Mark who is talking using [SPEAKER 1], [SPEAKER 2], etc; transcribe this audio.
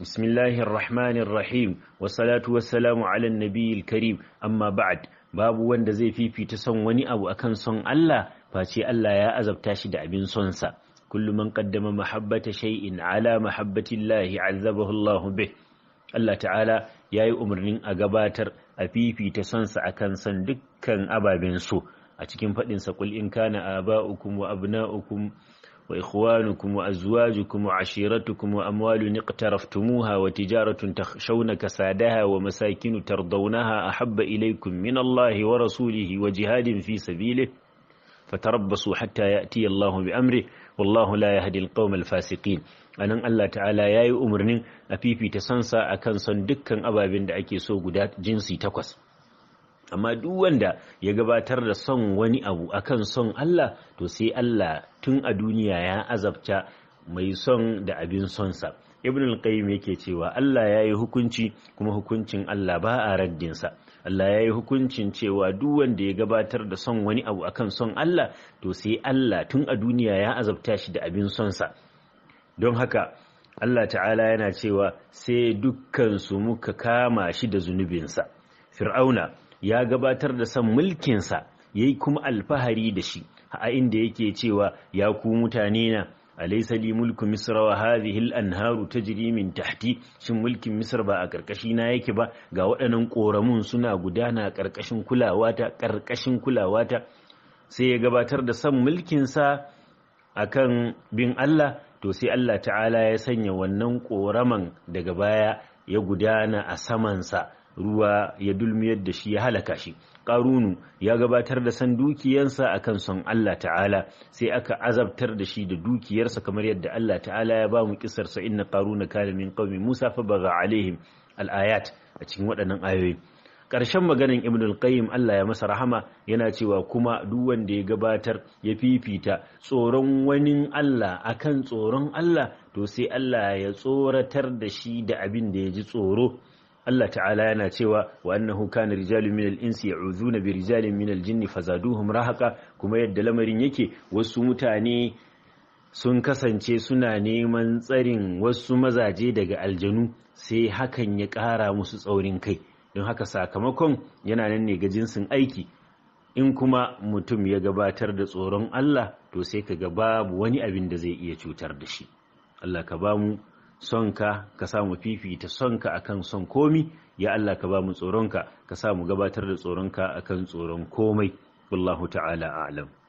[SPEAKER 1] بسم الله الرحمن الرحيم والصلاة والسلام على النبي الكريم أما بعد باب وند زي في في تسون وني أبو أكن سون الله فاشي الله يا أزب تاشد أبن سونسا كل من قدم محبة شيء على محبة الله عذبه الله به Allah ta'ala ya yi umarnin a gabatar a fifita sonsa a kan son dukkan ababen so a cikin faɗinsa kul in kana aba'ukum wa abna'ukum وإخوانكم وأزواجكم وعشيرتكم وأموال اقترفتموها وتجارة تخشون كسادها ومساكن ترضونها أحب إليكم من الله ورسوله وجهاد في سبيله فتربصوا حتى يأتي الله بأمره والله لا يهدي القوم الفاسقين anan Allah ta'ala ya yi umarnin a fifita sansa a kan son dukkan ababen da ake so guda jinsi takwas amma duk wanda ya gabatar da son wani abu akan son Allah to sai Allah tun a duniya ya azabta mai son da abin sonsa ibn al-qayyim yake cewa Allah ya yi hukunci kuma hukuncin Allah ba a raddinsa Allah ya yi hukuncin cewa duk wanda ya gabatar da son wani abu akan son Allah to sai Allah tun a duniya ya azabta shi da abin sonsa don haka Allah ta'ala yana cewa sai dukkan su muka kama shi da zunubinsa fir'auna ya gabatar da son mulkinsa ya yi kuma alfahari da shi a inda yake cewa ya ku mutane na alaisa li mulkin misra wa hadhihi al-anharu ta min tahti shin mulkin misr ba a karkashi na yake ba ga waɗannan ƙoramun suna gudana karkashin kulawata karkashin kulawata sai ya gabatar da son mulkinsa kan bin Allah to sai Allah ta'ala ya sanya wannan ƙoraman, daga baya ya gudana a samansa ruwa ya dulmiyar da shi ya halaka shi ƙarunu ya gabatar da san dukiyansa akan son Allah ta'ala sai aka azabtar da shi da dukiyarsa kamar yadda Allah ta'ala ya ba mu kisarsa inna ƙaruna kana min Musa fa baga alaihim al-ayat a cikin waɗannan ayoyi ƙarshen maganin ibn al-qayyim Allah ya masa rahama yana cewa kuma duk wanda ya gabatar ya fifita tsoron wani Allah akan tsoron Allah to sai Allah ya tsoratar da shi da abin da ya ji tsoro Allah ta'ala yana cewa wa annahu kana rijalun minal insi ya'uduna bi rijalin minal jinni fazaduhum rahaqa kuma yadda lamarin yake wasu mutane sun kasance suna neman tsarin wasu mazaje daga aljanu sai hakan ya ƙara musu tsaurin kai don haka sakamakon yana nan ne ga jinsin aiki in kuma mutum ya gabatar da tsoron Allah to sai ka ga babu wani abin da zai iya cutar da shi Allah ka bamu son ka sa mu fifita son ka akan son komi ya Allah ka bamu mu tsoronka ka sa mu gabatar da tsoronka akan tsoron komai wallahu ta'ala a'lam